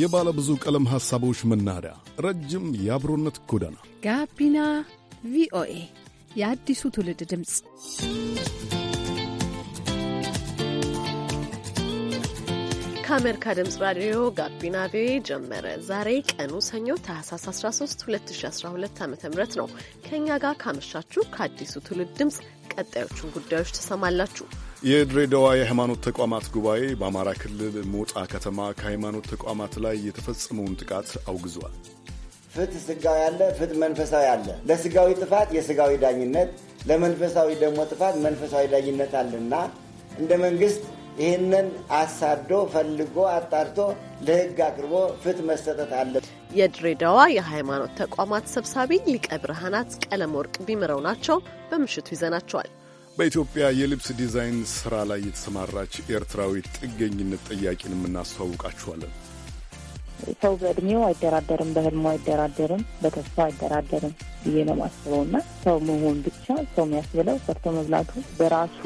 የባለ ብዙ ቀለም ሐሳቦች መናኸሪያ፣ ረጅም የአብሮነት ጎዳና ጋቢና ቪኦኤ የአዲሱ ትውልድ ድምፅ። ከአሜሪካ ድምፅ ራዲዮ ጋቢና ቪኦኤ ጀመረ። ዛሬ ቀኑ ሰኞ ታህሳስ 13 2012 ዓ ም ነው። ከእኛ ጋር ካመሻችሁ ከአዲሱ ትውልድ ድምፅ ቀጣዮቹን ጉዳዮች ትሰማላችሁ። የድሬዳዋ የሃይማኖት ተቋማት ጉባኤ በአማራ ክልል ሞጣ ከተማ ከሃይማኖት ተቋማት ላይ የተፈጸመውን ጥቃት አውግዟል። ፍትህ ስጋዊ አለ፣ ፍትህ መንፈሳዊ አለ። ለስጋዊ ጥፋት የስጋዊ ዳኝነት፣ ለመንፈሳዊ ደግሞ ጥፋት መንፈሳዊ ዳኝነት አለና እንደ መንግስት ይህንን አሳዶ ፈልጎ አጣርቶ ለህግ አቅርቦ ፍትህ መሰጠት አለ። የድሬዳዋ የሃይማኖት ተቋማት ሰብሳቢ ሊቀ ብርሃናት ቀለም ወርቅ ቢምረው ናቸው። በምሽቱ ይዘናቸዋል። በኢትዮጵያ የልብስ ዲዛይን ሥራ ላይ የተሰማራች ኤርትራዊ ጥገኝነት ጠያቂን የምናስተዋውቃችኋለን። ሰው በእድሜው አይደራደርም፣ በህልሙ አይደራደርም፣ በተስፋ አይደራደርም ብዬ ነው ማስበው እና ሰው መሆን ብቻ ሰው የሚያስብለው ሰርቶ መብላቱ በራሱ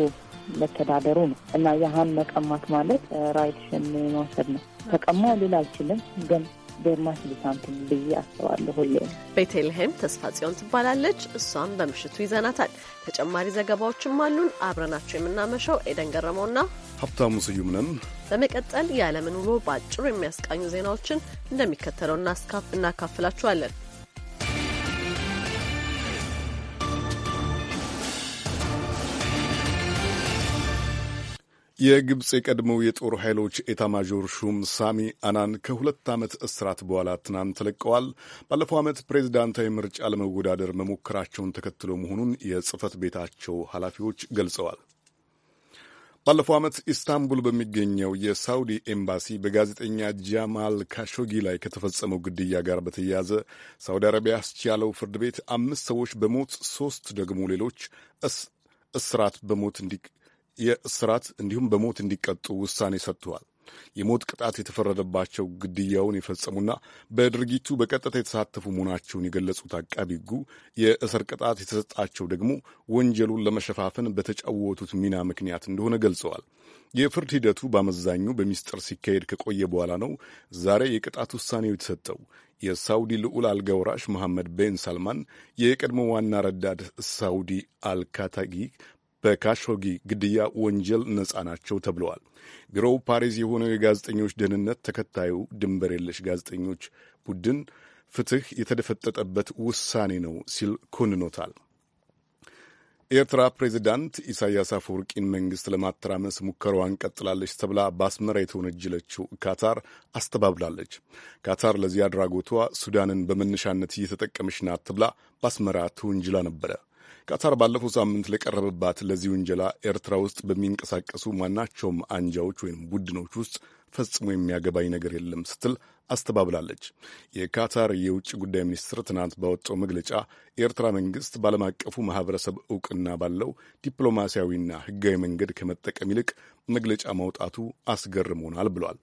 መተዳደሩ ነው እና ያህን መቀማት ማለት ራይትሽን መውሰድ ነው። ተቀማ ልል አልችልም ግን በማስልሳንትን ብዬ አስባለሁ። ሁሌም ቤተልሔም ተስፋ ጽዮን ትባላለች። እሷም በምሽቱ ይዘናታል። ተጨማሪ ዘገባዎችም አሉን። አብረናቸው የምናመሸው ኤደን ገረመውና ሀብታሙ ስዩም ነን። በመቀጠል የዓለምን ውሎ በአጭሩ የሚያስቃኙ ዜናዎችን እንደሚከተለው እናካፍላችኋለን። የግብፅ የቀድሞው የጦር ኃይሎች ኤታማዦር ሹም ሳሚ አናን ከሁለት ዓመት እስራት በኋላ ትናንት ተለቀዋል። ባለፈው ዓመት ፕሬዚዳንታዊ ምርጫ ለመወዳደር መሞከራቸውን ተከትሎ መሆኑን የጽህፈት ቤታቸው ኃላፊዎች ገልጸዋል። ባለፈው ዓመት ኢስታንቡል በሚገኘው የሳውዲ ኤምባሲ በጋዜጠኛ ጃማል ካሾጊ ላይ ከተፈጸመው ግድያ ጋር በተያያዘ ሳውዲ አረቢያ ያስቻለው ፍርድ ቤት አምስት ሰዎች በሞት ሦስት ደግሞ ሌሎች እስራት በሞት የእስራት እንዲሁም በሞት እንዲቀጡ ውሳኔ ሰጥተዋል። የሞት ቅጣት የተፈረደባቸው ግድያውን የፈጸሙና በድርጊቱ በቀጥታ የተሳተፉ መሆናቸውን የገለጹት አቃቢ ሕጉ የእስር ቅጣት የተሰጣቸው ደግሞ ወንጀሉን ለመሸፋፈን በተጫወቱት ሚና ምክንያት እንደሆነ ገልጸዋል። የፍርድ ሂደቱ በአመዛኙ በሚስጥር ሲካሄድ ከቆየ በኋላ ነው ዛሬ የቅጣት ውሳኔው የተሰጠው። የሳውዲ ልዑል አልጋ ወራሽ መሐመድ ቤን ሳልማን የቀድሞ ዋና ረዳት ሳውዲ አልካታጊ በካሾጊ ግድያ ወንጀል ነጻ ናቸው ተብለዋል። ቢሮው ፓሪስ የሆነው የጋዜጠኞች ደህንነት ተከታዩ ድንበር የለሽ ጋዜጠኞች ቡድን ፍትህ የተደፈጠጠበት ውሳኔ ነው ሲል ኮንኖታል። የኤርትራ ፕሬዚዳንት ኢሳያስ አፈወርቂን መንግሥት ለማተራመስ ሙከራዋን ቀጥላለች ተብላ በአስመራ የተወነጀለችው ካታር አስተባብላለች። ካታር ለዚህ አድራጎቷ ሱዳንን በመነሻነት እየተጠቀመች ናት ተብላ በአስመራ ተወንጅላ ነበረ። ቃታር ባለፈው ሳምንት ለቀረበባት ለዚህ ውንጀላ ኤርትራ ውስጥ በሚንቀሳቀሱ ማናቸውም አንጃዎች ወይም ቡድኖች ውስጥ ፈጽሞ የሚያገባኝ ነገር የለም ስትል አስተባብላለች። የካታር የውጭ ጉዳይ ሚኒስትር ትናንት ባወጣው መግለጫ የኤርትራ መንግስት በዓለም አቀፉ ማህበረሰብ እውቅና ባለው ዲፕሎማሲያዊና ሕጋዊ መንገድ ከመጠቀም ይልቅ መግለጫ ማውጣቱ አስገርሞናል ብሏል።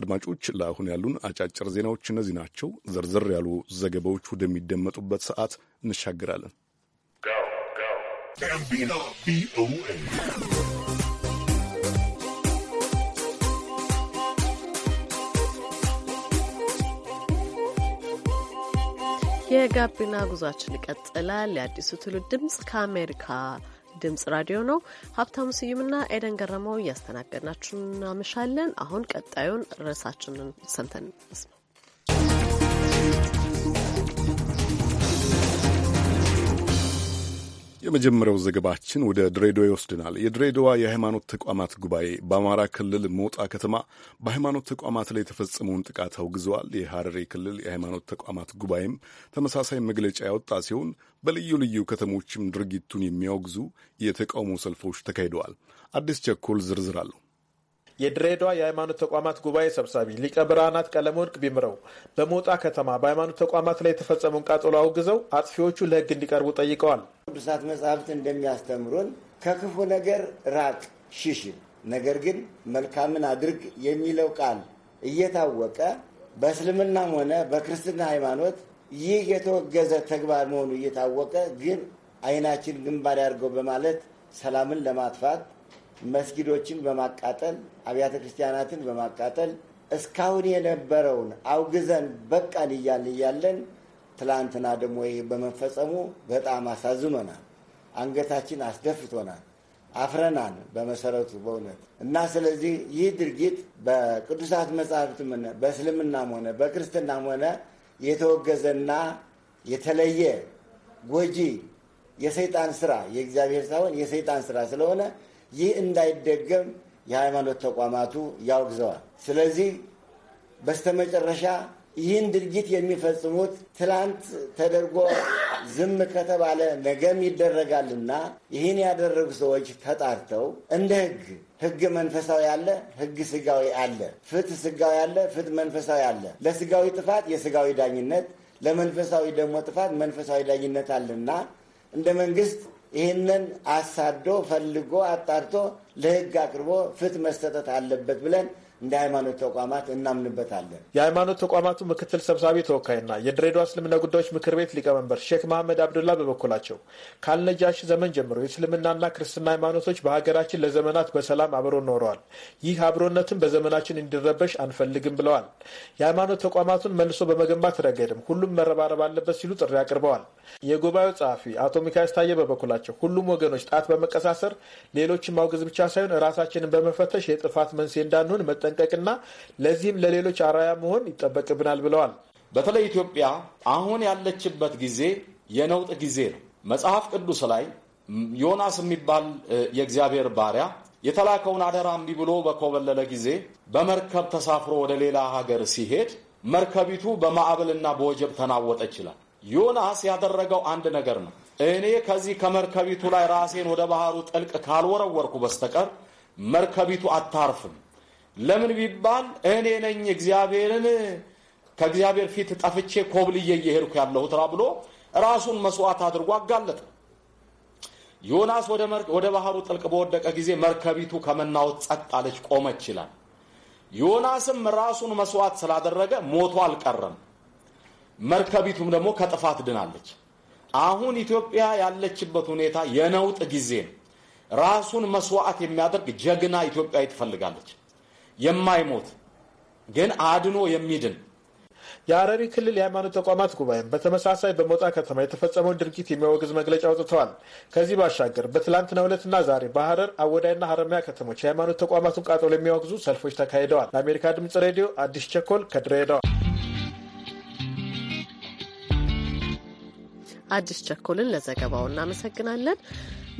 አድማጮች፣ ለአሁን ያሉን አጫጭር ዜናዎች እነዚህ ናቸው። ዘርዘር ያሉ ዘገባዎች ወደሚደመጡበት ሰዓት እንሻገራለን። የጋቢና ጉዟችን ይቀጥላል። የአዲሱ ትውልድ ድምፅ ከአሜሪካ ድምፅ ራዲዮ ነው። ሀብታሙ ስዩምና ኤደን ገረመው እያስተናገድናችሁ እናመሻለን። አሁን ቀጣዩን ርዕሳችንን ሰምተን የመጀመሪያው ዘገባችን ወደ ድሬዳዋ ይወስድናል። የድሬዳዋ የሃይማኖት ተቋማት ጉባኤ በአማራ ክልል ሞጣ ከተማ በሃይማኖት ተቋማት ላይ የተፈጸመውን ጥቃት አውግዘዋል። የሐረሪ ክልል የሃይማኖት ተቋማት ጉባኤም ተመሳሳይ መግለጫ ያወጣ ሲሆን በልዩ ልዩ ከተሞችም ድርጊቱን የሚያወግዙ የተቃውሞ ሰልፎች ተካሂደዋል። አዲስ ቸኮል ዝርዝር አለው። የድሬዳዋ የሃይማኖት ተቋማት ጉባኤ ሰብሳቢ ሊቀ ብርሃናት ቀለመወርቅ ቢምረው በሞጣ ከተማ በሃይማኖት ተቋማት ላይ የተፈጸመውን ቃጠሎ አውግዘው አጥፊዎቹ ለህግ እንዲቀርቡ ጠይቀዋል። ቅዱሳት መጽሐፍት እንደሚያስተምሩን ከክፉ ነገር ራቅ፣ ሽሽ፣ ነገር ግን መልካምን አድርግ የሚለው ቃል እየታወቀ በእስልምናም ሆነ በክርስትና ሃይማኖት ይህ የተወገዘ ተግባር መሆኑ እየታወቀ ግን አይናችን ግንባር ያድርገው በማለት ሰላምን ለማጥፋት መስጊዶችን በማቃጠል አብያተ ክርስቲያናትን በማቃጠል እስካሁን የነበረውን አውግዘን በቃን እያልን እያለን ትላንትና ደግሞ ይህ በመፈጸሙ በጣም አሳዝኖናል። አንገታችን አስደፍቶናል። አፍረናን በመሰረቱ በእውነት እና ስለዚህ ይህ ድርጊት በቅዱሳት መጽሐፍትም ሆነ በእስልምናም ሆነ በክርስትናም ሆነ የተወገዘና የተለየ ጎጂ የሰይጣን ስራ የእግዚአብሔር ሳይሆን የሰይጣን ስራ ስለሆነ ይህ እንዳይደገም የሃይማኖት ተቋማቱ ያወግዘዋል። ስለዚህ በስተመጨረሻ ይህን ድርጊት የሚፈጽሙት ትላንት ተደርጎ ዝም ከተባለ ነገም ይደረጋልና ይህን ያደረጉ ሰዎች ተጣርተው እንደ ህግ ህግ መንፈሳዊ አለ፣ ህግ ስጋዊ አለ፣ ፍትህ ስጋዊ አለ፣ ፍትህ መንፈሳዊ አለ። ለስጋዊ ጥፋት የስጋዊ ዳኝነት፣ ለመንፈሳዊ ደግሞ ጥፋት መንፈሳዊ ዳኝነት አለና እንደ መንግስት ይህንን አሳዶ ፈልጎ አጣርቶ ለህግ አቅርቦ ፍትህ መሰጠት አለበት ብለን እንደ ሃይማኖት ተቋማት እናምንበታለን። የሃይማኖት ተቋማቱ ምክትል ሰብሳቢ ተወካይና የድሬዳዋ እስልምና ጉዳዮች ምክር ቤት ሊቀመንበር ሼክ መሐመድ አብዱላ በበኩላቸው ካልነጃሽ ዘመን ጀምሮ የእስልምናና ክርስትና ሃይማኖቶች በሀገራችን ለዘመናት በሰላም አብሮ ኖረዋል። ይህ አብሮነትን በዘመናችን እንዲረበሽ አንፈልግም ብለዋል። የሃይማኖት ተቋማቱን መልሶ በመገንባት ረገድም ሁሉም መረባረብ አለበት ሲሉ ጥሪ አቅርበዋል። የጉባኤው ጸሐፊ አቶ ሚካኤል ታየ በበኩላቸው ሁሉም ወገኖች ጣት በመቀሳሰር ሌሎችን ማውገዝ ብቻ ሳይሆን ራሳችንን በመፈተሽ የጥፋት መንስኤ እንዳንሆን መጠ መጠንቀቅና ለዚህም ለሌሎች አራያ መሆን ይጠበቅብናል ብለዋል። በተለይ ኢትዮጵያ አሁን ያለችበት ጊዜ የነውጥ ጊዜ ነው። መጽሐፍ ቅዱስ ላይ ዮናስ የሚባል የእግዚአብሔር ባሪያ የተላከውን አደራ እምቢ ብሎ በኮበለለ ጊዜ በመርከብ ተሳፍሮ ወደ ሌላ ሀገር ሲሄድ መርከቢቱ በማዕበልና በወጀብ ተናወጠ ይችላል። ዮናስ ያደረገው አንድ ነገር ነው። እኔ ከዚህ ከመርከቢቱ ላይ ራሴን ወደ ባህሩ ጥልቅ ካልወረወርኩ በስተቀር መርከቢቱ አታርፍም ለምን ቢባል እኔ ነኝ እግዚአብሔርን ከእግዚአብሔር ፊት ጠፍቼ ኮብልዬ እየሄድኩ ያለሁት ብሎ ራሱን መስዋዕት አድርጎ አጋለጠ። ዮናስ ወደ ባህሩ ጥልቅ በወደቀ ጊዜ መርከቢቱ ከመናወጥ ጸጥ አለች፣ ቆመች ይላል። ዮናስም ራሱን መስዋዕት ስላደረገ ሞቶ አልቀረም። መርከቢቱም ደግሞ ከጥፋት ድናለች። አሁን ኢትዮጵያ ያለችበት ሁኔታ የነውጥ ጊዜ ነው። ራሱን መስዋዕት የሚያደርግ ጀግና ኢትዮጵያዊ ትፈልጋለች። የማይሞት ግን አድኖ የሚድን የሐረሪ ክልል የሃይማኖት ተቋማት ጉባኤም በተመሳሳይ በሞጣ ከተማ የተፈጸመውን ድርጊት የሚያወግዝ መግለጫ አውጥተዋል። ከዚህ ባሻገር በትላንትናው ዕለትና ዛሬ በሐረር አወዳይና ሀረማያ ከተሞች የሃይማኖት ተቋማቱን ቃጠሎ የሚያወግዙ ሰልፎች ተካሂደዋል። ለአሜሪካ ድምጽ ሬዲዮ አዲስ ቸኮል ከድሬዳዋ። አዲስ ቸኮልን ለዘገባው እናመሰግናለን።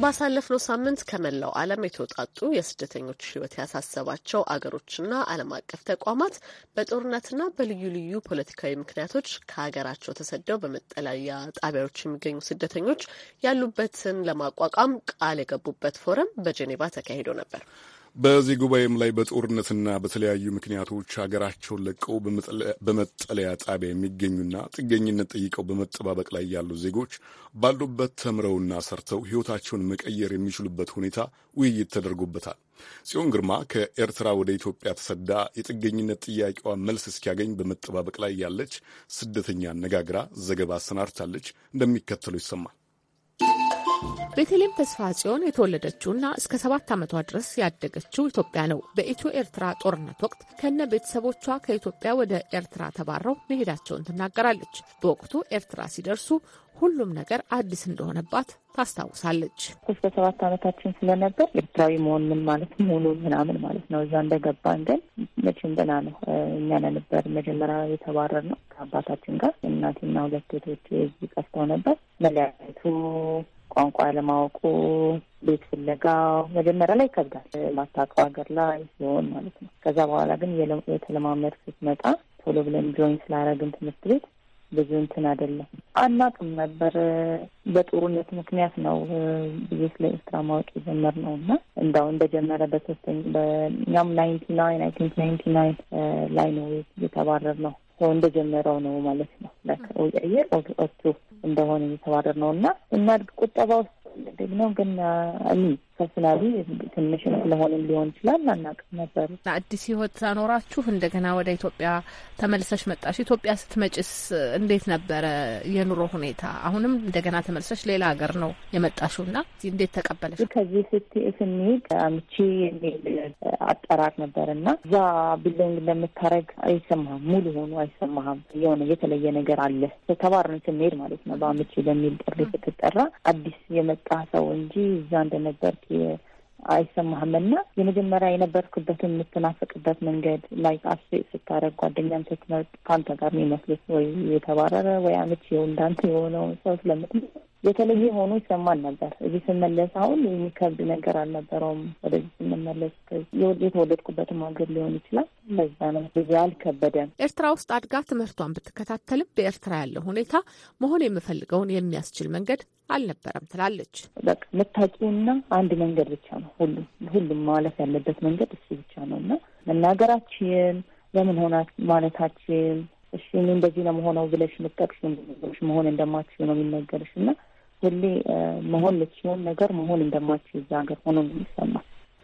ባሳለፍነው ሳምንት ከመላው ዓለም የተውጣጡ የስደተኞች ሕይወት ያሳሰባቸው አገሮችና ዓለም አቀፍ ተቋማት በጦርነትና በልዩ ልዩ ፖለቲካዊ ምክንያቶች ከሀገራቸው ተሰደው በመጠለያ ጣቢያዎች የሚገኙ ስደተኞች ያሉበትን ለማቋቋም ቃል የገቡበት ፎረም በጄኔቫ ተካሂዶ ነበር። በዚህ ጉባኤም ላይ በጦርነትና በተለያዩ ምክንያቶች ሀገራቸውን ለቀው በመጠለያ ጣቢያ የሚገኙና ጥገኝነት ጠይቀው በመጠባበቅ ላይ ያሉ ዜጎች ባሉበት ተምረውና ሰርተው ሕይወታቸውን መቀየር የሚችሉበት ሁኔታ ውይይት ተደርጎበታል። ጽዮን ግርማ ከኤርትራ ወደ ኢትዮጵያ ተሰዳ የጥገኝነት ጥያቄዋ መልስ እስኪያገኝ በመጠባበቅ ላይ ያለች ስደተኛ አነጋግራ ዘገባ አሰናድታለች። እንደሚከተለው ይሰማል። ቤተልሔም ተስፋ ጽዮን የተወለደችውና እስከ ሰባት ዓመቷ ድረስ ያደገችው ኢትዮጵያ ነው። በኢትዮ ኤርትራ ጦርነት ወቅት ከነ ቤተሰቦቿ ከኢትዮጵያ ወደ ኤርትራ ተባረው መሄዳቸውን ትናገራለች። በወቅቱ ኤርትራ ሲደርሱ ሁሉም ነገር አዲስ እንደሆነባት ታስታውሳለች። እስከ ሰባት ዓመታችን ስለነበር ኤርትራዊ መሆን ምን ማለት ሙሉ ምናምን ማለት ነው። እዛ እንደገባን ግን መቼም ገና ነው። እኛ ነበር መጀመሪያ የተባረር ነው ከአባታችን ጋር እናቴና ሁለት እህቶቼ እዚህ ቀርተው ነበር መለያየቱ ቋንቋ ለማወቁ ቤት ፍለጋው መጀመሪያ ላይ ይከብዳል፣ ማታውቀው ሀገር ላይ ሲሆን ማለት ነው። ከዛ በኋላ ግን የተለማመድ ስትመጣ ቶሎ ብለን ጆይን ስላረግን ትምህርት ቤት ብዙ እንትን አይደለም አናውቅም ነበር። በጦርነት ምክንያት ነው ብዙ ስለ ኤርትራ ማወቅ ነው እና እንዳው እንደጀመረ በሶስተኛ በእኛም ናይንቲ ናይን አይ ቲንክ ናይንቲ ናይን ላይ ነው ነው ሰው እንደጀመረው ነው ማለት ነው። አየር ኦርቱ እንደሆነ እየተባረር ነው እና እናድግ ቁጠባ ውስጥ ደግሞ ግን ፐርሶናሊ ትንሽ ስለሆንም ሊሆን ይችላል አናውቅም ነበር። አዲስ ህይወት ሳኖራችሁ እንደገና ወደ ኢትዮጵያ ተመልሰሽ መጣሽ። ኢትዮጵያ ስትመጭስ እንዴት ነበረ የኑሮ ሁኔታ? አሁንም እንደገና ተመልሰሽ ሌላ ሀገር ነው የመጣሽው እና እንዴት ተቀበለሽ? ከዚህ ስት ስንሄድ አምቺ የሚል አጠራር ነበር እና እዛ ቢሎንግ እንደምታረግ አይሰማህም፣ ሙሉ ሆኑ አይሰማህም። የሆነ የተለየ ነገር አለ። ተባርን ስንሄድ ማለት ነው። በአምቺ በሚል ጥሪ ስትጠራ አዲስ የመጣ ሰው እንጂ እዛ እንደነበር አይሰማህምና የመጀመሪያ የነበርኩበትን የምትናፍቅበት መንገድ ላይ አስ ስታደርግ ጓደኛም ስትመርጥ ከአንተ ጋር የሚመስሉት ወይ የተባረረ ወይ አመቺ እንዳንተ የሆነውን ሰው ስለምትመ የተለየ ሆኖ ይሰማን ነበር። እዚህ ስመለስ አሁን የሚከብድ ነገር አልነበረውም። ወደዚህ ስንመለስ የተወለድኩበትም ሀገር ሊሆን ይችላል። ለዛ ነው ብዙ አልከበደም። ኤርትራ ውስጥ አድጋ ትምህርቷን ብትከታተልም በኤርትራ ያለው ሁኔታ መሆን የምፈልገውን የሚያስችል መንገድ አልነበረም ትላለች። በቃ የምታውቂውና አንድ መንገድ ብቻ ነው። ሁሉም ሁሉም ማለፍ ያለበት መንገድ እሱ ብቻ ነው እና መናገራችን ለምን ሆና ማለታችን እሺ እኔ እንደዚህ ነው መሆነው ብለሽ ምጠቅሽ ነገሮች መሆን እንደማትችል ነው የሚነገርሽ እና ሁሌ መሆን ልትችለውን ነገር መሆን እንደማትችል እዛ ሀገር ሆኖ ነው የሚሰማ።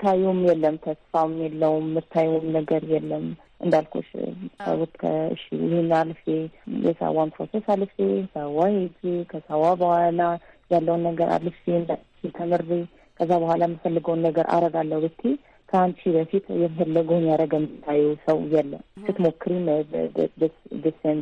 ታዩም የለም ተስፋም የለውም ምታዩም ነገር የለም። እንዳልኩሽ ሰዎች ከእሺ ይህን አልፌ የሳዋን ፕሮሴስ አልፌ ሳዋ ሄጂ ከሳዋ በኋላ ያለውን ነገር አልፌ ተምሬ ከዛ በኋላ የምፈልገውን ነገር አረጋለሁ ብቴ ከአንቺ በፊት የፈለገውን ያደረገ የምታዩ ሰው የለም። ስትሞክሪም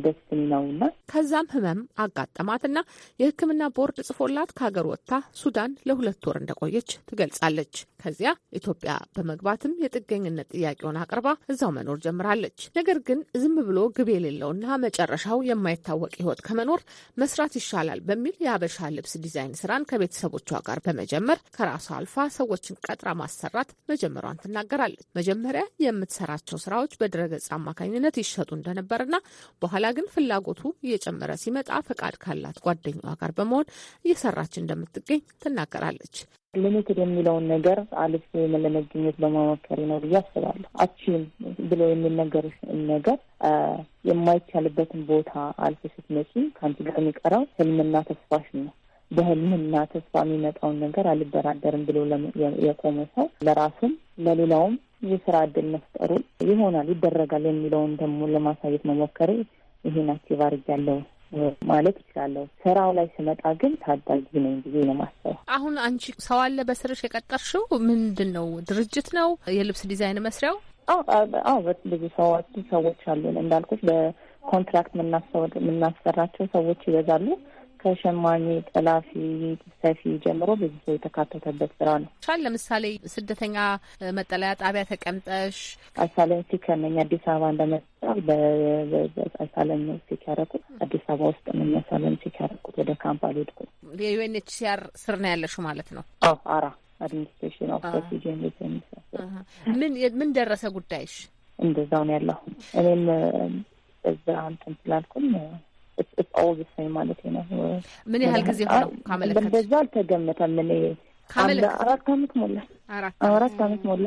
ደስን ነው እና ከዛም ህመም አጋጠማትና የህክምና ቦርድ ጽፎላት ከሀገር ወጥታ ሱዳን ለሁለት ወር እንደቆየች ትገልጻለች። ከዚያ ኢትዮጵያ በመግባትም የጥገኝነት ጥያቄውን አቅርባ እዛው መኖር ጀምራለች። ነገር ግን ዝም ብሎ ግብ የሌለውና መጨረሻው የማይታወቅ ህይወት ከመኖር መስራት ይሻላል በሚል የአበሻ ልብስ ዲዛይን ስራን ከቤተሰቦቿ ጋር በመጀመር ከራሷ አልፋ ሰዎችን ቀጥራ ማሰራት መጀመሯን ትናገራለች። መጀመሪያ የምትሰራቸው ስራዎች በድረገጽ አማካኝነት ይሸጡ እንደነበርና በኋላ ግን ፍላጎቱ እየጨመረ ሲመጣ ፈቃድ ካላት ጓደኛዋ ጋር በመሆን እየሰራች እንደምትገኝ ትናገራለች። ሊሚትድ የሚለውን ነገር አልፍ ለመገኘት በመሞከሬ ነው ብዬ አስባለሁ። አቺም ብሎ የሚነገር ነገር የማይቻልበትን ቦታ አልፍ ስትመጪ ከአንቺ ጋር የሚቀረው ህልምና ተስፋሽ ነው። በህልምና ተስፋ የሚመጣውን ነገር አልደራደርም ብሎ የቆመ ሰው ለራሱም ለሌላውም የስራ እድል መፍጠሩ ይሆናል ይደረጋል የሚለውን ደግሞ ለማሳየት መሞከሬ ይሄን አክቲቭ አድርጊያለሁ ማለት ይችላለሁ። ስራው ላይ ስመጣ ግን ታዳጊ ነኝ ብዬ ነው የማስበው። አሁን አንቺ ሰው አለ በስርሽ የቀጠርሽው ምንድን ነው? ድርጅት ነው? የልብስ ዲዛይን መስሪያው? አዎ ብዙ ሰዎች ሰዎች አሉን እንዳልኩት በኮንትራክት የምናሰራቸው ሰዎች ይበዛሉ። ከሸማኔ፣ ጠላፊ፣ ሰፊ ጀምሮ ብዙ ሰው የተካተተበት ስራ ነው። ቻል ለምሳሌ ስደተኛ መጠለያ ጣቢያ ተቀምጠሽ አሳለም ሲክ አዲስ አበባ እንደመጣ በአሳለም ሲክ አዲስ አበባ ውስጥ ምን አሳለም ሲክ ያረኩት ወደ ካምፕ አልሄድኩም። የዩኤንኤችሲአር ስር ነው ያለሽው ማለት ነው? አዎ አራ አድሚኒስትሬሽን ኦፍ ሬፊጂን ምን ምን ደረሰ ጉዳይሽ? እንደዛውን ያለሁ እኔም እዛ አንተን ስላልኩም ኦገስት ማለት ነው። ምን ያህል ጊዜ ሆነው ካመለከት? በዛ አልተገመተም። እኔ አራት አመት ሞላ አራት አመት ሞላ።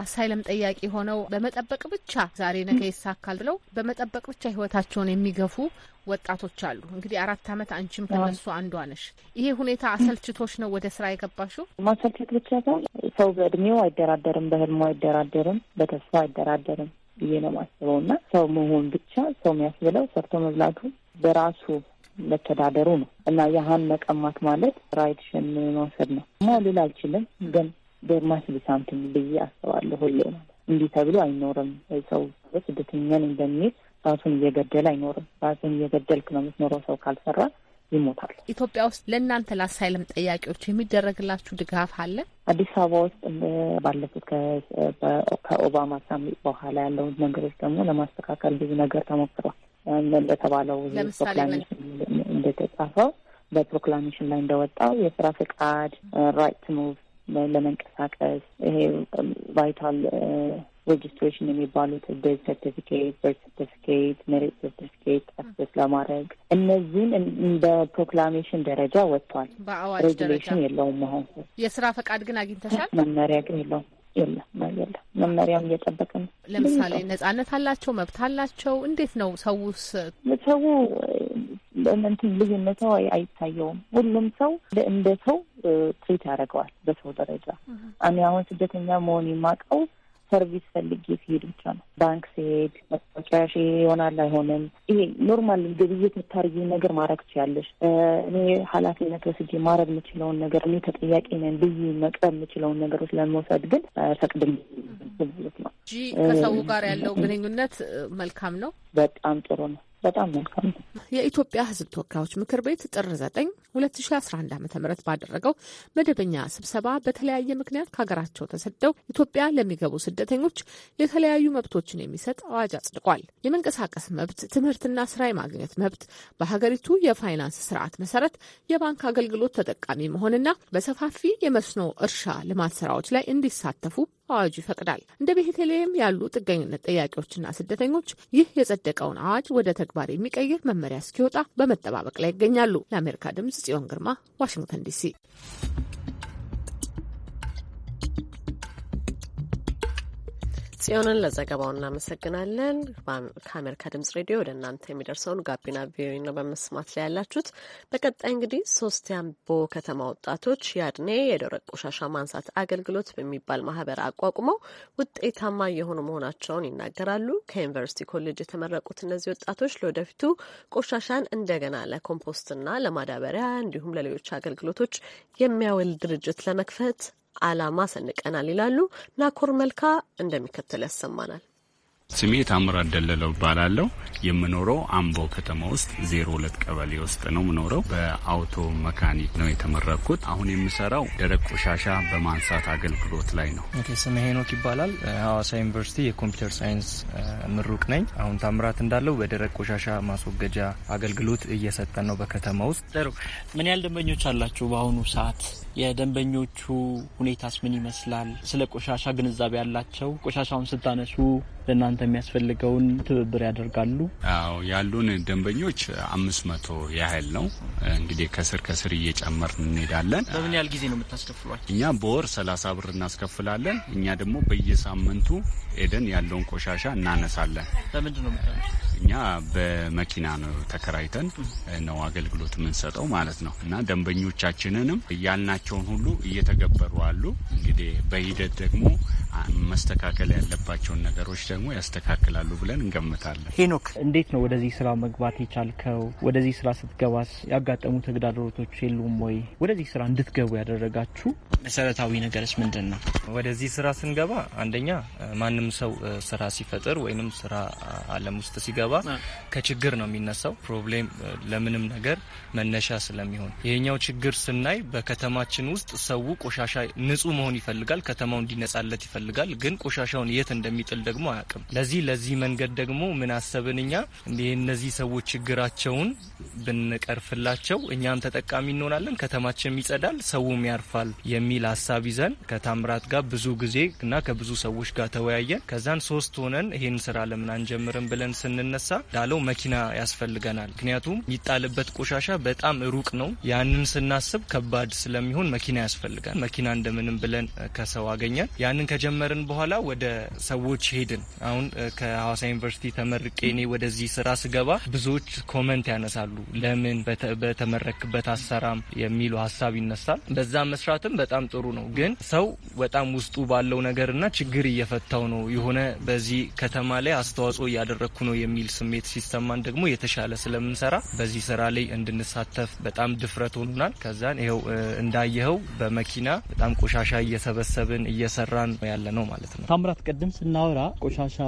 አሳይለም ጠያቂ ሆነው በመጠበቅ ብቻ ዛሬ ነገ ይሳካል ብለው በመጠበቅ ብቻ ህይወታቸውን የሚገፉ ወጣቶች አሉ። እንግዲህ አራት አመት አንቺም ከነሱ አንዷ ነሽ። ይሄ ሁኔታ አሰልችቶች ነው ወደ ስራ የገባሽው? ማሰልቸት ብቻ ሳይሆን ሰው በእድሜው አይደራደርም፣ በህልሙ አይደራደርም፣ በተስፋ አይደራደርም ብዬ ነው ማስበው እና ሰው መሆን ብቻ ሰው የሚያስብለው ሰርቶ መብላቱ በራሱ መተዳደሩ ነው እና ያህን መቀማት ማለት ራይድሽን መውሰድ ነው እና ልል አልችልም፣ ግን ዶርማስ ብሳምትን ብዬ አስባለሁ። ሁሌ ማለት እንዲህ ተብሎ አይኖርም። ሰው ስደተኛን እንደሚል ራሱን እየገደል አይኖርም። ራሱን እየገደልክ ነው የምትኖረው። ሰው ካልሰራ ይሞታል። ኢትዮጵያ ውስጥ ለእናንተ ለአሳይለም ጠያቂዎች የሚደረግላችሁ ድጋፍ አለ? አዲስ አበባ ውስጥ ባለፉት ከኦባማ ሳሚት በኋላ ያለውን ነገሮች ደግሞ ለማስተካከል ብዙ ነገር ተሞክሯል። እንደተባለው እንደተጻፈው በፕሮክላሜሽን ላይ እንደወጣው የስራ ፍቃድ ራይት ሙቭ ለመንቀሳቀስ ይሄ ቫይታል ሬጅስትሬሽን የሚባሉት ቤዝ ሰርቲፊኬት፣ በር ሰርቲፊኬት፣ ሜሪት ሰርቲፊኬት አክሰስ ለማድረግ እነዚህን እንደ ፕሮክላሜሽን ደረጃ ወጥቷል። በአዋጅ ደረጃ የለውም መሆን የስራ ፈቃድ ግን አግኝተሻል። መመሪያ ግን የለውም የለም የለም መመሪያውን እየጠበቀ ነው። ለምሳሌ ነጻነት አላቸው፣ መብት አላቸው። እንዴት ነው ሰውስ? ሰው እንትን ልዩነት አይታየውም። ሁሉም ሰው እንደ ሰው ትሪት ያደርገዋል። በሰው ደረጃ እኔ አሁን ስደተኛ መሆን የማውቀው ሰርቪስ ፈልጌ ሲሄድ ብቻ ነው። ባንክ ሲሄድ መጫሽ ይሆናል አይሆንም። ይሄ ኖርማል ግብይት የምታርጊ ነገር ማድረግ ትችያለሽ። እኔ ኃላፊነት ወስጄ ማድረግ የምችለውን ነገር እኔ ተጠያቂ ነን ብዬ መቅረብ የምችለውን ነገሮች ለመውሰድ ግን ፈቅድልኝ እሱ ማለት ነው እንጂ ከሰው ጋር ያለው ግንኙነት መልካም ነው፣ በጣም ጥሩ ነው። በጣም መልካም የኢትዮጵያ ሕዝብ ተወካዮች ምክር ቤት ጥር 9 2011 ዓ ም ባደረገው መደበኛ ስብሰባ በተለያየ ምክንያት ከሀገራቸው ተሰደው ኢትዮጵያ ለሚገቡ ስደተኞች የተለያዩ መብቶችን የሚሰጥ አዋጅ አጽድቋል። የመንቀሳቀስ መብት፣ ትምህርትና ስራ የማግኘት መብት፣ በሀገሪቱ የፋይናንስ ስርዓት መሰረት የባንክ አገልግሎት ተጠቃሚ መሆንና በሰፋፊ የመስኖ እርሻ ልማት ስራዎች ላይ እንዲሳተፉ አዋጁ ይፈቅዳል። እንደ ቤተልሔም ያሉ ጥገኝነት ጠያቂዎችና ስደተኞች ይህ የጸደቀውን አዋጅ ወደ ተግባር የሚቀይር መመሪያ እስኪወጣ በመጠባበቅ ላይ ይገኛሉ። ለአሜሪካ ድምጽ ጽዮን ግርማ ዋሽንግተን ዲሲ። ጽዮንን ለዘገባው እናመሰግናለን። ከአሜሪካ ድምጽ ሬዲዮ ወደ እናንተ የሚደርሰውን ጋቢና ቪኦኤ ነው በመስማት ላይ ያላችሁት። በቀጣይ እንግዲህ ሶስት የአምቦ ከተማ ወጣቶች ያድኔ የደረቅ ቆሻሻ ማንሳት አገልግሎት በሚባል ማህበር አቋቁመው ውጤታማ የሆኑ መሆናቸውን ይናገራሉ። ከዩኒቨርሲቲ ኮሌጅ የተመረቁት እነዚህ ወጣቶች ለወደፊቱ ቆሻሻን እንደገና ለኮምፖስትና ለማዳበሪያ እንዲሁም ለሌሎች አገልግሎቶች የሚያውል ድርጅት ለመክፈት ዓላማ ሰንቀናል ይላሉ። ናኮር መልካ እንደሚከተል ያሰማናል። ስሜ ታምር አደለለው እባላለሁ። የምኖረው አምቦ ከተማ ውስጥ ዜሮ ሁለት ቀበሌ ውስጥ ነው የምኖረው። በአውቶ መካኒክ ነው የተመረኩት። አሁን የምሰራው ደረቅ ቆሻሻ በማንሳት አገልግሎት ላይ ነው። ስም ሄኖክ ይባላል። ሀዋሳ ዩኒቨርሲቲ የኮምፒውተር ሳይንስ ምሩቅ ነኝ። አሁን ታምራት እንዳለው በደረቅ ቆሻሻ ማስወገጃ አገልግሎት እየሰጠን ነው በከተማ ውስጥ። ጥሩ። ምን ያህል ደንበኞች አላችሁ በአሁኑ ሰዓት? የደንበኞቹ ሁኔታስ ምን ይመስላል? ስለ ቆሻሻ ግንዛቤ ያላቸው ቆሻሻውን ስታነሱ ለእናንተ የሚያስፈልገውን ትብብር ያደርጋሉ? አዎ ያሉን ደንበኞች አምስት መቶ ያህል ነው። እንግዲህ ከስር ከስር እየጨመር እንሄዳለን። በምን ያህል ጊዜ ነው የምታስከፍሏቸው? እኛ በወር ሰላሳ ብር እናስከፍላለን። እኛ ደግሞ በየሳምንቱ ኤደን ያለውን ቆሻሻ እናነሳለን። በምንድን ነው እኛ በመኪና ነው ተከራይተን ነው አገልግሎት የምንሰጠው ማለት ነው። እና ደንበኞቻችንንም ያልናቸውን ሁሉ እየተገበሩ አሉ። እንግዲህ በሂደት ደግሞ መስተካከል ያለባቸውን ነገሮች ደግሞ ያስተካክላሉ ብለን እንገምታለን። ሄኖክ፣ እንዴት ነው ወደዚህ ስራ መግባት የቻልከው? ወደዚህ ስራ ስትገባስ ያጋጠሙ ተግዳሮቶች የሉም ወይ? ወደዚህ ስራ እንድትገቡ ያደረጋችሁ መሰረታዊ ነገርስ ምንድን ነው? ወደዚህ ስራ ስንገባ አንደኛ ማንም ሰው ስራ ሲፈጥር ወይም ስራ አለም ውስጥ ሲገባ ሲገባ ከችግር ነው የሚነሳው። ፕሮብሌም ለምንም ነገር መነሻ ስለሚሆን ይሄኛው ችግር ስናይ በከተማችን ውስጥ ሰው ቆሻሻ ንጹህ መሆን ይፈልጋል፣ ከተማው እንዲነጻለት ይፈልጋል። ግን ቆሻሻውን የት እንደሚጥል ደግሞ አያውቅም። ለዚህ ለዚህ መንገድ ደግሞ ምን አሰብን እኛ እነዚህ ሰዎች ችግራቸውን ብንቀርፍላቸው እኛም ተጠቃሚ እንሆናለን፣ ከተማችንም ይጸዳል፣ ሰውም ያርፋል የሚል ሀሳብ ይዘን ከታምራት ጋር ብዙ ጊዜ እና ከብዙ ሰዎች ጋር ተወያየን። ከዛን ሶስት ሆነን ይህን ስራ ለምን አንጀምርም ብለን ስንና ስንነሳ ዳለው መኪና ያስፈልገናል። ምክንያቱም የሚጣልበት ቆሻሻ በጣም ሩቅ ነው። ያንን ስናስብ ከባድ ስለሚሆን መኪና ያስፈልጋል። መኪና እንደምንም ብለን ከሰው አገኘን። ያንን ከጀመርን በኋላ ወደ ሰዎች ሄድን። አሁን ከሐዋሳ ዩኒቨርሲቲ ተመርቄ እኔ ወደዚህ ስራ ስገባ ብዙዎች ኮመንት ያነሳሉ። ለምን በተመረክበት አሰራም የሚሉ ሀሳብ ይነሳል። በዛ መስራትም በጣም ጥሩ ነው። ግን ሰው በጣም ውስጡ ባለው ነገርና ችግር እየፈታው ነው የሆነ በዚህ ከተማ ላይ አስተዋጽኦ እያደረግኩ ነው የሚል የሚል ስሜት ሲሰማን ደግሞ የተሻለ ስለምንሰራ በዚህ ስራ ላይ እንድንሳተፍ በጣም ድፍረት ሆኑናል። ከዛን ይኸው እንዳየኸው በመኪና በጣም ቆሻሻ እየሰበሰብን እየሰራን ያለ ነው ማለት ነው። ታምራት ቅድም ስናወራ ቆሻሻ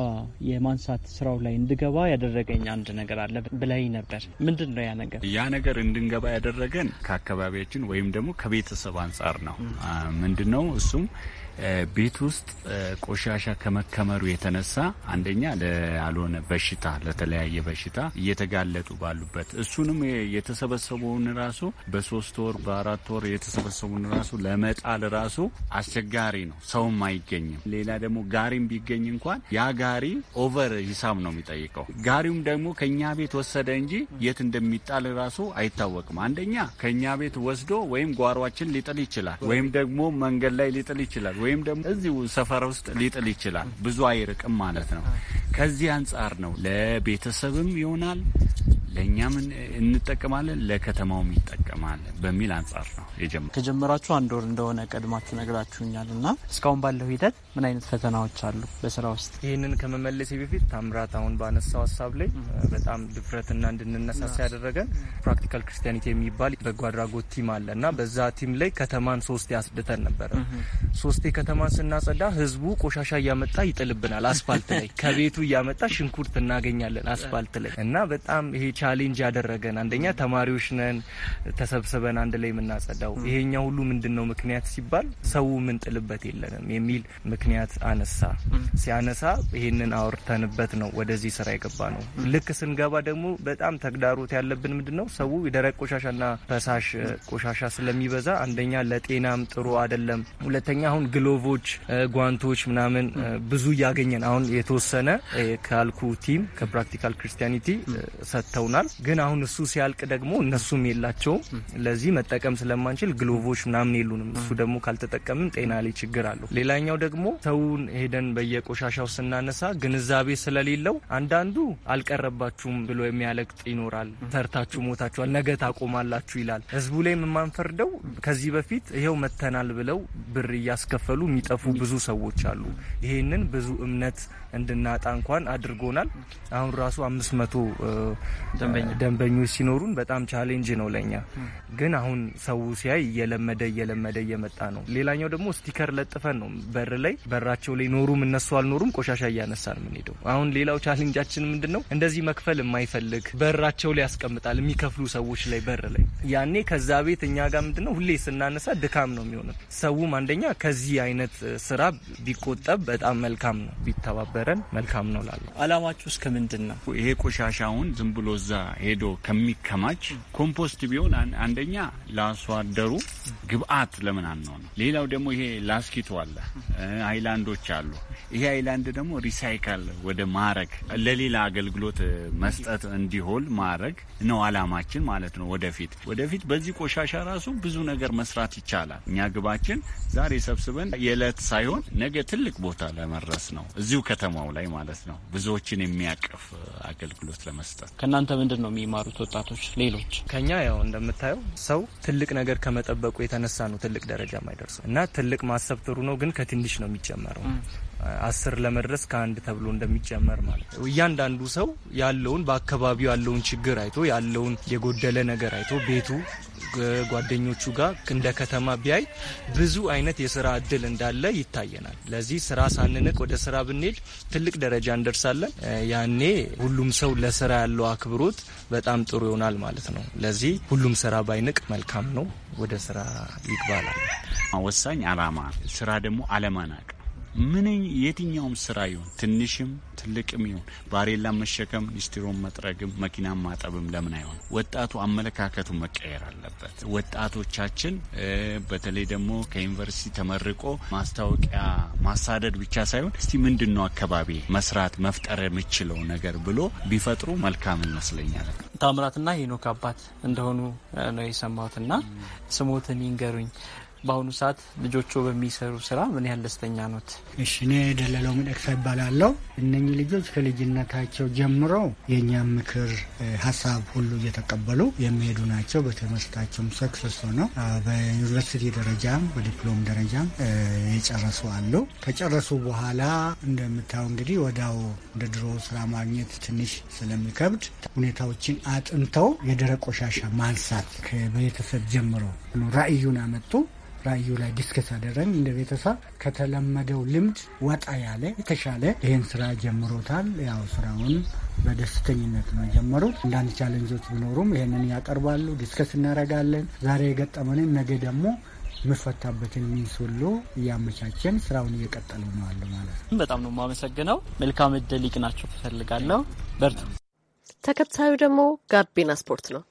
የማንሳት ስራው ላይ እንድገባ ያደረገኝ አንድ ነገር አለ ብላይ ነበር። ምንድን ነው ያ ነገር? ያ ነገር እንድንገባ ያደረገን ከአካባቢያችን ወይም ደግሞ ከቤተሰብ አንጻር ነው። ምንድን ነው እሱም ቤት ውስጥ ቆሻሻ ከመከመሩ የተነሳ አንደኛ ለአልሆነ በሽታ ለተለያየ በሽታ እየተጋለጡ ባሉበት እሱንም የተሰበሰበውን ራሱ በሶስት ወር በአራት ወር የተሰበሰቡን ራሱ ለመጣል ራሱ አስቸጋሪ ነው። ሰውም አይገኝም። ሌላ ደግሞ ጋሪም ቢገኝ እንኳን ያ ጋሪ ኦቨር ሂሳብ ነው የሚጠይቀው። ጋሪውም ደግሞ ከእኛ ቤት ወሰደ እንጂ የት እንደሚጣል ራሱ አይታወቅም። አንደኛ ከእኛ ቤት ወስዶ ወይም ጓሯችን ሊጥል ይችላል፣ ወይም ደግሞ መንገድ ላይ ሊጥል ይችላል ወይም ደግሞ እዚሁ ሰፈር ውስጥ ሊጥል ይችላል። ብዙ አይርቅም ማለት ነው። ከዚህ አንጻር ነው ለቤተሰብም ይሆናል ለእኛም እንጠቀማለን ለከተማውም ይጠቀማል በሚል አንጻር ነው የጀመረው። ከጀመራችሁ አንድ ወር እንደሆነ ቀድማችሁ ነግራችሁኛል እና እስካሁን ባለው ሂደት ምን አይነት ፈተናዎች አሉ በስራ ውስጥ? ይህንን ከመመለሴ በፊት ታምራት አሁን ባነሳው ሀሳብ ላይ በጣም ድፍረትና እንድንነሳሳ ያደረገን ፕራክቲካል ክርስቲያኒቲ የሚባል በጎ አድራጎት ቲም አለ እና በዛ ቲም ላይ ከተማን ሶስቴ አስድተን ነበረ። ሶስቴ ከተማን ስናጸዳ ህዝቡ ቆሻሻ እያመጣ ይጥልብናል አስፋልት ላይ ከቤቱ እያመጣ ሽንኩርት እናገኛለን አስፋልት ላይ እና በጣም ይሄ ቻሌንጅ ያደረገን አንደኛ ተማሪዎች ነን ተሰብስበን አንድ ላይ የምናጸዳው ይሄኛ ሁሉ ምንድን ነው ምክንያት ሲባል ሰው ምንጥልበት የለንም የሚል ምክንያት አነሳ። ሲያነሳ ይሄንን አውርተንበት ነው ወደዚህ ስራ የገባ ነው። ልክ ስንገባ ደግሞ በጣም ተግዳሮት ያለብን ምንድን ነው ሰው የደረቅ ቆሻሻና ፈሳሽ ቆሻሻ ስለሚበዛ አንደኛ ለጤናም ጥሩ አይደለም፣ ሁለተኛ አሁን ግሎ ግሎቮች፣ ጓንቶች ምናምን ብዙ እያገኘን አሁን የተወሰነ ካልኩ ቲም ከፕራክቲካል ክርስቲያኒቲ ሰጥተውናል። ግን አሁን እሱ ሲያልቅ ደግሞ እነሱም የላቸውም። ለዚህ መጠቀም ስለማንችል ግሎቮች ምናምን የሉንም። እሱ ደግሞ ካልተጠቀምም ጤና ላይ ችግር አለው። ሌላኛው ደግሞ ሰውን ሄደን በየቆሻሻው ስናነሳ ግንዛቤ ስለሌለው አንዳንዱ አልቀረባችሁም ብሎ የሚያለቅጥ ይኖራል። ሰርታችሁ ሞታችኋል፣ ነገ ታቆማላችሁ ይላል። ህዝቡ ላይ የማንፈርደው ከዚህ በፊት ይኸው መተናል ብለው ብር እያስከፈሉ እየተፈናቀሉ የሚጠፉ ብዙ ሰዎች አሉ። ይህንን ብዙ እምነት እንድናጣ እንኳን አድርጎናል። አሁን ራሱ አምስት መቶ ደንበኞች ሲኖሩን በጣም ቻሌንጅ ነው ለኛ። ግን አሁን ሰው ሲያይ እየለመደ እየለመደ እየመጣ ነው። ሌላኛው ደግሞ ስቲከር ለጥፈን ነው በር ላይ በራቸው ላይ ኖሩም እነሱ አልኖሩም ቆሻሻ እያነሳን የምንሄደው። አሁን ሌላው ቻሌንጃችን ምንድን ነው? እንደዚህ መክፈል የማይፈልግ በራቸው ላይ ያስቀምጣል የሚከፍሉ ሰዎች ላይ በር ላይ ያኔ ከዛ ቤት እኛ ጋር ምንድነው ሁሌ ስናነሳ ድካም ነው የሚሆነው። ሰውም አንደኛ ከዚህ ከዚህ አይነት ስራ ቢቆጠብ በጣም መልካም ነው። ቢተባበረን መልካም ነው ላለ አላማችሁ እስከ ምንድን ነው? ይሄ ቆሻሻውን ዝም ብሎ እዛ ሄዶ ከሚከማች ኮምፖስት ቢሆን አንደኛ ለአርሶ አደሩ ግብአት ለምን ነው። ሌላው ደግሞ ይሄ ላስኪቶ አለ፣ አይላንዶች አሉ። ይሄ አይላንድ ደግሞ ሪሳይካል ወደ ማረግ ለሌላ አገልግሎት መስጠት እንዲሆን ማድረግ ነው አላማችን ማለት ነው። ወደፊት ወደፊት በዚህ ቆሻሻ ራሱ ብዙ ነገር መስራት ይቻላል። እኛ ግባችን ዛሬ ሰብስበን አስበን የዕለት ሳይሆን ነገ ትልቅ ቦታ ለመድረስ ነው። እዚሁ ከተማው ላይ ማለት ነው። ብዙዎችን የሚያቅፍ አገልግሎት ለመስጠት ከእናንተ ምንድን ነው የሚማሩት ወጣቶች? ሌሎች ከኛ ያው እንደምታየው ሰው ትልቅ ነገር ከመጠበቁ የተነሳ ነው ትልቅ ደረጃ ማይደርሱ እና ትልቅ ማሰብ ጥሩ ነው፣ ግን ከትንሽ ነው የሚጨመረው አስር ለመድረስ ከአንድ ተብሎ እንደሚጨመር ማለት ነው። እያንዳንዱ ሰው ያለውን በአካባቢው ያለውን ችግር አይቶ ያለውን የጎደለ ነገር አይቶ ቤቱ ጓደኞቹ ጋር እንደ ከተማ ቢያይ ብዙ አይነት የስራ እድል እንዳለ ይታየናል። ለዚህ ስራ ሳንንቅ ወደ ስራ ብንሄድ ትልቅ ደረጃ እንደርሳለን። ያኔ ሁሉም ሰው ለስራ ያለው አክብሮት በጣም ጥሩ ይሆናል ማለት ነው። ለዚህ ሁሉም ስራ ባይንቅ መልካም ነው። ወደ ስራ ይግባላል። ወሳኝ አላማ ስራ ደግሞ አለማናቅ ምን የትኛውም ስራ ይሁን ትንሽም ትልቅም ይሁን ባሬላም መሸከም፣ ሊስትሮን መጥረግም፣ መኪናም ማጠብም ለምን አይሆን? ወጣቱ አመለካከቱ መቀየር አለበት። ወጣቶቻችን በተለይ ደግሞ ከዩኒቨርሲቲ ተመርቆ ማስታወቂያ ማሳደድ ብቻ ሳይሆን እስቲ ምንድን ነው አካባቢ መስራት መፍጠር የምችለው ነገር ብሎ ቢፈጥሩ መልካም ይመስለኛል። ታምራትና ሄኖክ አባት እንደሆኑ ነው የሰማሁትና ስሞትን ይንገሩኝ። በአሁኑ ሰዓት ልጆቹ በሚሰሩ ስራ ምን ያህል ደስተኛ ኖት? እሺ፣ እኔ ደለለው ሚደቅሳ ይባላለሁ። እነኚህ ልጆች ከልጅነታቸው ጀምሮ የእኛም ምክር ሀሳብ ሁሉ እየተቀበሉ የሚሄዱ ናቸው። በትምህርታቸውም ሰክሰስ ሆነው በዩኒቨርሲቲ ደረጃም በዲፕሎም ደረጃም የጨረሱ አሉ። ከጨረሱ በኋላ እንደምታየው እንግዲህ ወዳው እንደ ድሮ ስራ ማግኘት ትንሽ ስለሚከብድ ሁኔታዎችን አጥንተው የደረቅ ቆሻሻ ማንሳት በቤተሰብ ጀምሮ ራዕዩን አመጡ። ራዩ ላይ ዲስከስ አደረግን። እንደ ቤተሰብ ከተለመደው ልምድ ወጣ ያለ የተሻለ ይህን ስራ ጀምሮታል። ያው ስራውን በደስተኝነት ነው ጀመሩት። አንዳንድ ቻለንጆች ቢኖሩም ይህንን ያቀርባሉ፣ ዲስከስ እናደርጋለን። ዛሬ የገጠመንን ነገ ደግሞ የምፈታበትን ሚንስ ሁሉ እያመቻቸን ስራውን እየቀጠሉ ነው አለ ማለት ነው። በጣም ነው የማመሰግነው። መልካም እድል ይቅናቸው ትፈልጋለሁ። በርቱ። ተከታዩ ደግሞ ጋቢና ስፖርት ነው።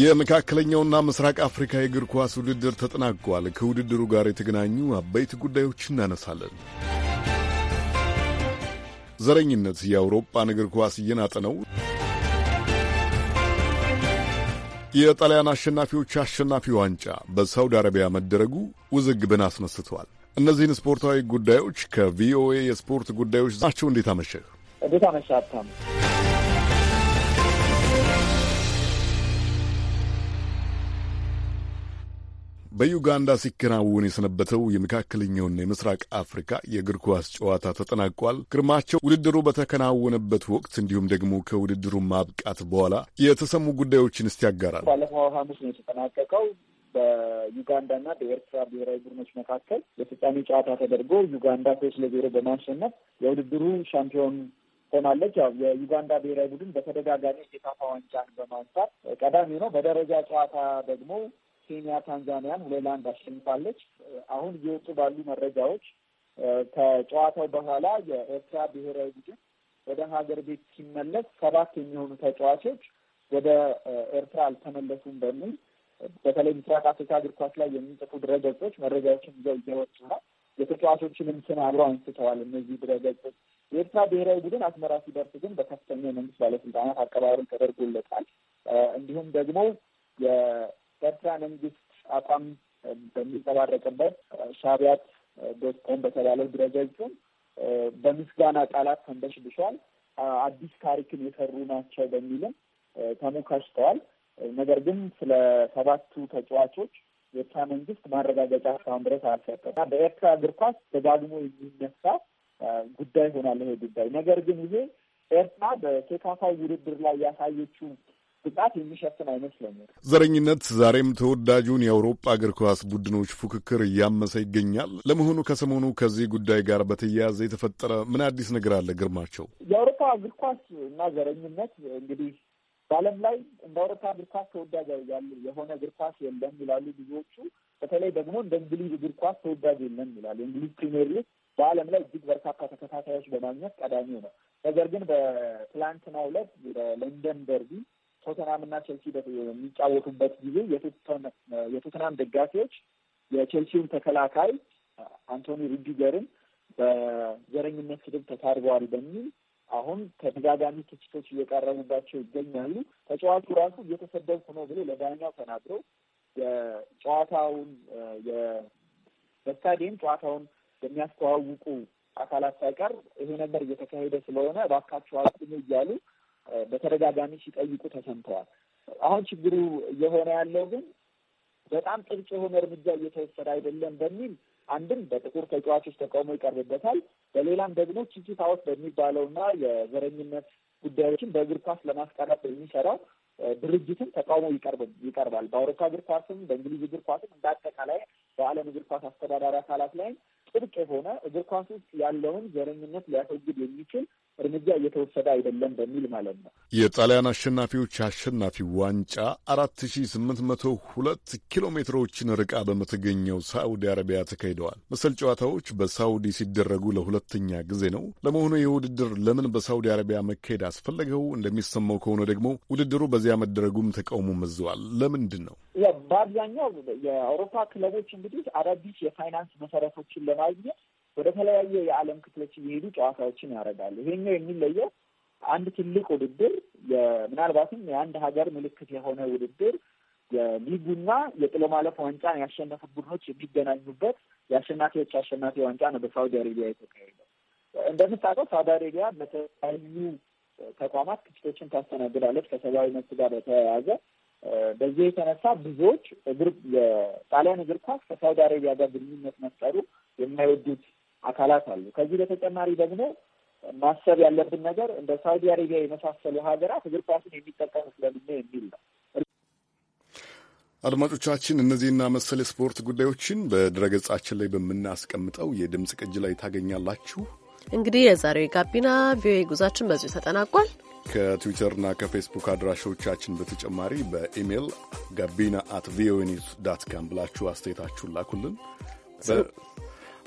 የመካከለኛውና ምስራቅ አፍሪካ የእግር ኳስ ውድድር ተጠናቋል። ከውድድሩ ጋር የተገናኙ አበይት ጉዳዮች እናነሳለን። ዘረኝነት የአውሮፓን እግር ኳስ እየናጠ ነው። የጣሊያን አሸናፊዎች አሸናፊ ዋንጫ በሳውዲ አረቢያ መደረጉ ውዝግብን አስነስተዋል። እነዚህን ስፖርታዊ ጉዳዮች ከቪኦኤ የስፖርት ጉዳዮች ናቸው። እንዴት አመሸህ? እንዴት አመሸህ? በዩጋንዳ ሲከናወን የሰነበተው የመካከለኛውና የምስራቅ አፍሪካ የእግር ኳስ ጨዋታ ተጠናቋል። ግርማቸው ውድድሩ በተከናወነበት ወቅት እንዲሁም ደግሞ ከውድድሩ ማብቃት በኋላ የተሰሙ ጉዳዮችን እስቲ ያጋራል። ባለፈው ሐሙስ ነው የተጠናቀቀው። በዩጋንዳና በኤርትራ ብሔራዊ ቡድኖች መካከል የፍጻሜ ጨዋታ ተደርጎ ዩጋንዳ ሶስት ለዜሮ በማሸነፍ የውድድሩ ሻምፒዮን ሆናለች። ያው የዩጋንዳ ብሔራዊ ቡድን በተደጋጋሚ የሴካፋ ዋንጫን በማንሳት ቀዳሚ ነው። በደረጃ ጨዋታ ደግሞ ኬንያ ታንዛኒያን ሁለት ለአንድ አሸንፋለች። አሁን እየወጡ ባሉ መረጃዎች ከጨዋታው በኋላ የኤርትራ ብሔራዊ ቡድን ወደ ሀገር ቤት ሲመለስ ሰባት የሚሆኑ ተጫዋቾች ወደ ኤርትራ አልተመለሱም በሚል በተለይ ምስራቅ አፍሪካ እግር ኳስ ላይ የሚጽፉ ድረገጾች መረጃዎችን ይዘው እየወጡ ነው። የተጫዋቾችንም ስም አብረው አንስተዋል እነዚህ ድረገጾች። የኤርትራ ብሔራዊ ቡድን አስመራ ሲደርስ ግን በከፍተኛ የመንግስት ባለስልጣናት አቀባበል ተደርጎለታል። እንዲሁም ደግሞ የኤርትራ መንግስት አቋም በሚንጸባረቅበት ሻቢያት ዶትኮም በተባለው ድረገጹ በምስጋና ቃላት ተንበሽብሸዋል። አዲስ ታሪክን የሰሩ ናቸው በሚልም ተሞካሽተዋል። ነገር ግን ስለ ሰባቱ ተጫዋቾች የኤርትራ መንግስት ማረጋገጫ እስካሁን ድረስ አልሰጠም። በኤርትራ እግር ኳስ ደጋግሞ የሚነሳ ጉዳይ ሆናል ይሄ ጉዳይ። ነገር ግን ይሄ ኤርትራ በሴካፋ ውድድር ላይ ያሳየችው ብቃት የሚሸፍን አይመስለኝም። ዘረኝነት ዛሬም ተወዳጁን የአውሮፓ እግር ኳስ ቡድኖች ፉክክር እያመሰ ይገኛል። ለመሆኑ ከሰሞኑ ከዚህ ጉዳይ ጋር በተያያዘ የተፈጠረ ምን አዲስ ነገር አለ? ግርማቸው፣ የአውሮፓ እግር ኳስ እና ዘረኝነት እንግዲህ በዓለም ላይ እንደ አውሮፓ እግር ኳስ ተወዳጅ የሆነ እግር ኳስ የለም ይላሉ ብዙዎቹ። በተለይ ደግሞ እንደ እንግሊዝ እግር ኳስ ተወዳጅ የለም ይላሉ። እንግሊዝ ፕሪሚየር ሊግ በዓለም ላይ እጅግ በርካታ ተከታታዮች በማግኘት ቀዳሚው ነው። ነገር ግን በትላንትናው ዕለት ለንደን ደርቢ ቶተናም እና ቼልሲ በሚጫወቱበት ጊዜ የቶተናም ደጋፊዎች የቼልሲውን ተከላካይ አንቶኒ ሩዲገርን በዘረኝነት ስድብ ተሳድበዋል በሚል አሁን ተደጋጋሚ ትችቶች እየቀረቡባቸው ይገኛሉ። ተጫዋቹ ራሱ እየተሰደብኩ ነው ብሎ ለዳኛው ተናግረው የጨዋታውን በስታዲየም ጨዋታውን የሚያስተዋውቁ አካላት ሳይቀር ይሄ ነገር እየተካሄደ ስለሆነ እባካችሁ አቁሙ እያሉ በተደጋጋሚ ሲጠይቁ ተሰምተዋል። አሁን ችግሩ እየሆነ ያለው ግን በጣም ጥብቅ የሆነ እርምጃ እየተወሰደ አይደለም በሚል አንድም በጥቁር ተጫዋቾች ተቃውሞ ይቀርብበታል። በሌላም ደግሞ ኪኪት በሚባለውና የዘረኝነት ጉዳዮችን በእግር ኳስ ለማስቀረት የሚሰራው ድርጅትም ተቃውሞ ይቀርባል። በአውሮፓ እግር ኳስም በእንግሊዝ እግር ኳስም እንዳጠቃላይ በዓለም እግር ኳስ አስተዳዳሪ አካላት ላይም ጥብቅ የሆነ እግር ኳስ ውስጥ ያለውን ዘረኝነት ሊያስወግድ የሚችል እርምጃ እየተወሰደ አይደለም በሚል ማለት ነው። የጣሊያን አሸናፊዎች አሸናፊ ዋንጫ አራት ሺ ስምንት መቶ ሁለት ኪሎ ሜትሮችን ርቃ በምትገኘው ሳዑዲ አረቢያ ተካሂደዋል። መሰል ጨዋታዎች በሳዑዲ ሲደረጉ ለሁለተኛ ጊዜ ነው። ለመሆኑ የውድድር ለምን በሳዑዲ አረቢያ መካሄድ አስፈለገው? እንደሚሰማው ከሆነ ደግሞ ውድድሩ በዚያ መደረጉም ተቃውሞ መዘዋል። ለምንድን ነው? በአብዛኛው የአውሮፓ ክለቦች እንግዲህ አዳዲስ የፋይናንስ መሰረቶችን ለማግኘት ወደ ተለያየ የዓለም ክፍሎች እየሄዱ ጨዋታዎችን ያደርጋሉ። ይሄኛው የሚለየው አንድ ትልቅ ውድድር ምናልባትም የአንድ ሀገር ምልክት የሆነ ውድድር የሊጉና የጥሎ ማለፍ ዋንጫን ያሸነፉ ቡድኖች የሚገናኙበት የአሸናፊዎች አሸናፊ ዋንጫ ነው በሳውዲ አሬቢያ የተካሄደው። እንደምታውቀው ሳውዲ አሬቢያ በተለያዩ ተቋማት ክፍቶችን ታስተናግዳለች ከሰብአዊ መብት ጋር በተያያዘ። በዚህ የተነሳ ብዙዎች እግር የጣሊያን እግር ኳስ ከሳውዲ አሬቢያ ጋር ግንኙነት መፍጠሩ የማይወዱት አካላት አሉ። ከዚህ በተጨማሪ ደግሞ ማሰብ ያለብን ነገር እንደ ሳውዲ አረቢያ የመሳሰሉ ሀገራት እግር ኳሱን የሚጠቀሙ ስለምን የሚል ነው። አድማጮቻችን እነዚህና መሰል የስፖርት ጉዳዮችን በድረገጻችን ላይ በምናስቀምጠው የድምፅ ቅጅ ላይ ታገኛላችሁ። እንግዲህ የዛሬው የጋቢና ቪኦኤ ጉዟችን በዚሁ ተጠናቋል። ከትዊተርና ከፌስቡክ አድራሾቻችን በተጨማሪ በኢሜይል ጋቢና አት ቪኦኤ ኒውስ ዳት ካም ብላችሁ አስተያየታችሁን ላኩልን።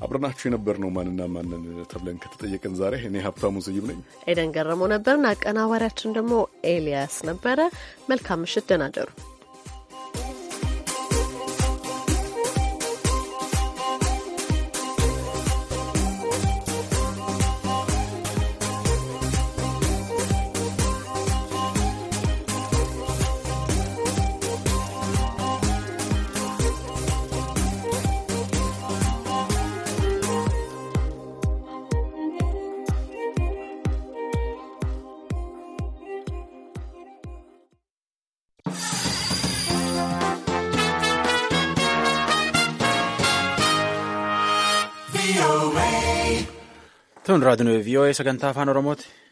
አብረናችሁ የነበርነው ማንና ማንን ተብለን ከተጠየቀን ዛሬ እኔ ሀብታሙ ስዩም ነኝ። ኤደን ገረመው ነበርን። አቀናባሪያችን ደግሞ ኤልያስ ነበረ። መልካም ምሽት፣ ደህና ደሩ። Kun raadinoo vii'oo'ee sagantaa afaan Oromooti.